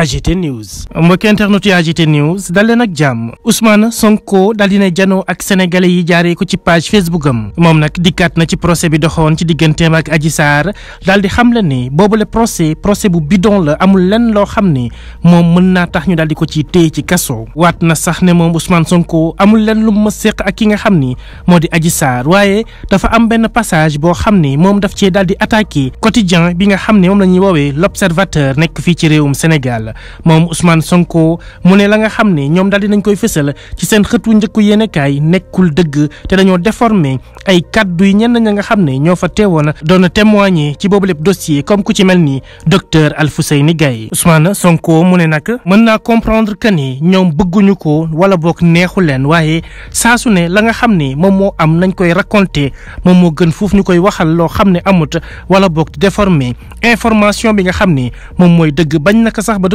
AGT News mbokki internet yu AGT News dal leen ak jàmm Ousmane Sonko dal dina ak sénégalais yi jaaree ko ci page Facebook am moom nag dikkaat na ci procès bi doxoon ci digganteem ak Adji Sarr daal di xam la ni boobule procès procès bu bidon la amul lenn loo xam ni moom man na tax ñu daal di ko ci téye ci kaso waat na sax ne moom Ousmane Sonko amul lenn lu ma séq ak ki nga xam ni moo di Adji Sarr waaye dafa am benn passage boo xam ni moom daf cee daal di attaqué quotidien bi a xam ne moom la ñuy woowee l'observateur nekk fii ci réewum Sénégal Sall moom Ousmane Sonko mu ne la nga xam ne ñoom daal dinañ koy fësal ci seen xëtu njëkku yéenekaay nekkul dëgg te dañoo déformé ay kaddu yi ñenn ña nga xam ne ñoo fa te teewoon doon témoigner ci boobu lépp dossier comme ku ci mel ni docteur Alfousseyni Gaye Ousmane Sonko mu ne nag mën naa comprendre que ni ñoom bëgguñu ko wala book neexu leen waaye saa su ne la nga xam ne moom moo am nañ koy raconter moom moo gën foofu ñu koy waxal loo xam ne amut wala book déformé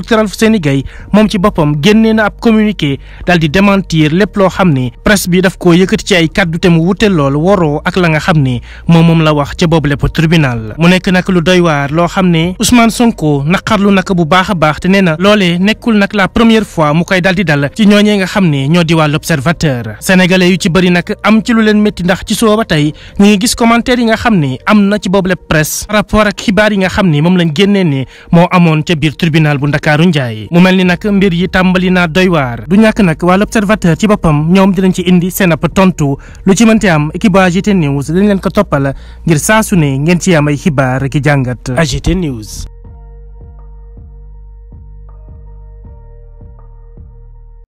docteur Alfousseyni Gaye moom ci boppam génnee na ab communiqué daal di démentir lépp loo xam ne presse bi daf koo yëkkati ci ay kàddu mu wute lool waroo ak la xam ne moom moom la wax ca boobu lépp tribunal mu nekk nag lu doy loo xam ne Ousmane Sonko naqarlu nag bu baax a baax te nee na loolee nekkul nag la première fois mu koy daal di dal ci ñooñee nga xam ne ñoo di waa l'Observateur sénégalais yu ci bëri nag am ci lu leen métti ndax ci soo ba tey ñu ngi gis commentaire yi nga xam ne am na ci boobu le presse rapport ak xibaar yi nga xam ne moom lañ génnee ne moo amoon ca biir tribunal bu Dakar Ndakaaru Njaay mu mel ni nag mbir yi tàmbali naa doy waar du ñàkk nag waa l'observateur ci boppam ñoom dinañ ci indi seen ab tontu lu ci mënti am équipe AGT News dañ leen ko toppal ngir saasu ne ngeen ci am ay xibaar ki jàngat AGT News